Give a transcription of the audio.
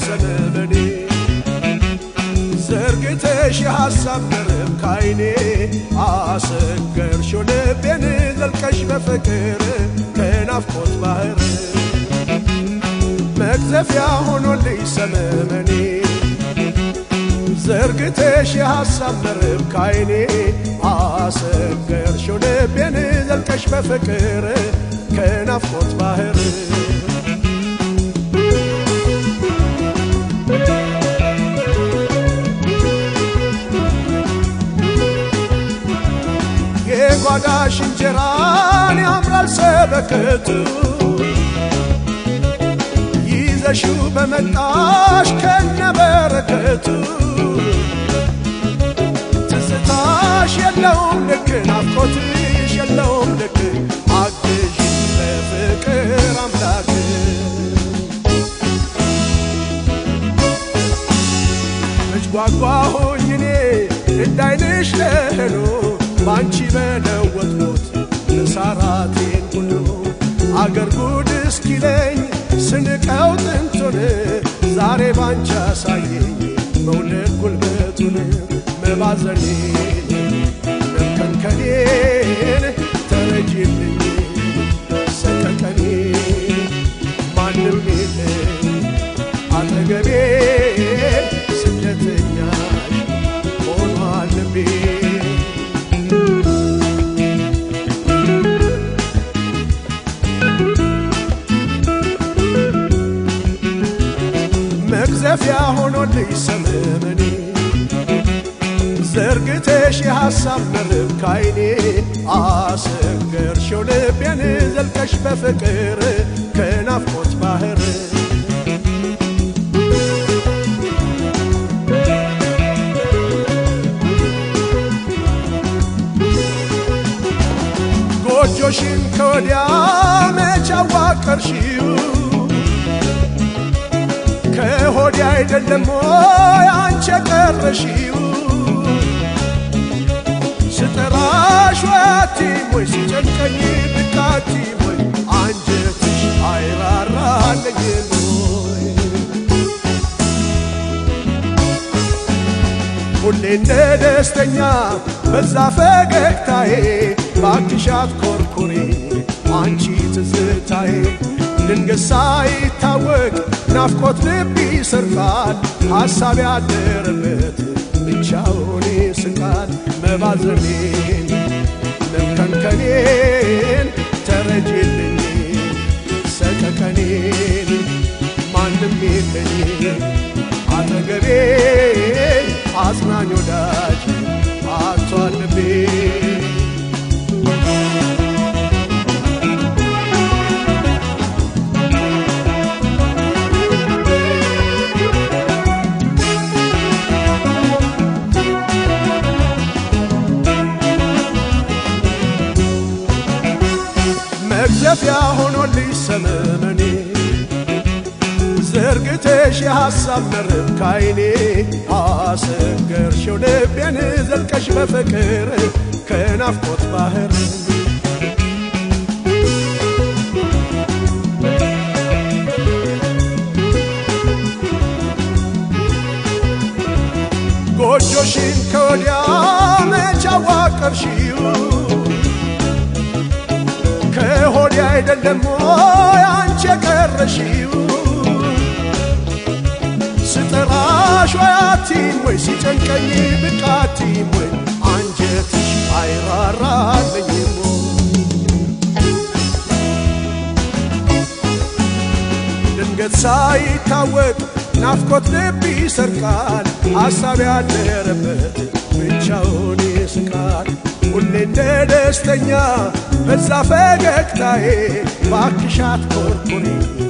ሰምምኒ ዘርግተሽ የሐሳብ ግርም ካይኔ አሰገርሽው ልቤን ዘልቀሽ በፍቅር ከናፍቆት ባህር መቅዘፊያ ሆኖልሽ ሰምምኒ ዘርግተሽ የሐሳብ ግርም ካይኔ አሰገርሽው ልቤን ዘልቀሽ በፍቅር ከናፍቆት ባህር ጓዳሽ እንጀራን ያምራል ሰበከቱ ይዘሹ በመጣሽ በረከቱ ትዝታሽ የለውም ልክ ናፍቆትሽ የለውም ልክ አግዥ በፍቅር አምላክ እጅ ጓጓሁኝ እንዳይንሽ ለህሎ ባንቺ በለወጥኩት ንሳራቴ ሆኖ አገር ጉድ እስኪለኝ ስንቀው ጥንቱን ዛሬ ባንቺ አሳየኝ መውለድ ጉልበቱን መባዘኔ ዘርግተሽ የሐሳብ መርብ ካይኔ አስገርሽው ልቤን ዘልቀሽ በፍቅር ከናፍቆት ባህር ጎጆሽን ከወዲያ መች አዋቀርሽው ከሆዲ አይደለም ሞይ አንቺ ቀረሽው ስጠራሽ አያቲም ወይ ሲጨንቀኝ ብቃቲም ወይ አንጀትሽ አይራራልኝም ወይ ሁሌ እንደ ደስተኛ በዛ ፈገግታዬ ባክሻት ኮርኩሬ አንቺ ትዝታዬ ድንገት ሳይታወቅ ናፍቆት ልብ ይሰርቃል ሐሳብ ያደረበት ብቻው ባዘኔን ልብከንከኔን ተረጅልኝ ሰቀቀኔን ማንም የለኝም ማለፊያ ሆኖልሽ ሰመመኔ ዘርግተሽ የሐሳብ መረብ ካይኔ አሰገርሽው ልቤን ዘልቀሽ በፍቅር ከናፍቆት ባህር ጎጆሽን ከወዲያ መቻዋቀርሽው ወዲያ አይደለም ወይ አንቺ የቀረሽው ስጠራሽ ወይ አትይም ወይ ሲጨንቀኝ ብቅ ወይ አንጀትሽ አይራራልኝም ድንገት ሳይታወቅ ናፍቆት ልብ ይሰርቃል ሐሳብ ያደረበት ብቻውን ይስቃል ሁሌ እንደ ደስተኛ በዛ ፈገግታዬ ባክሻት ኮርኩኔ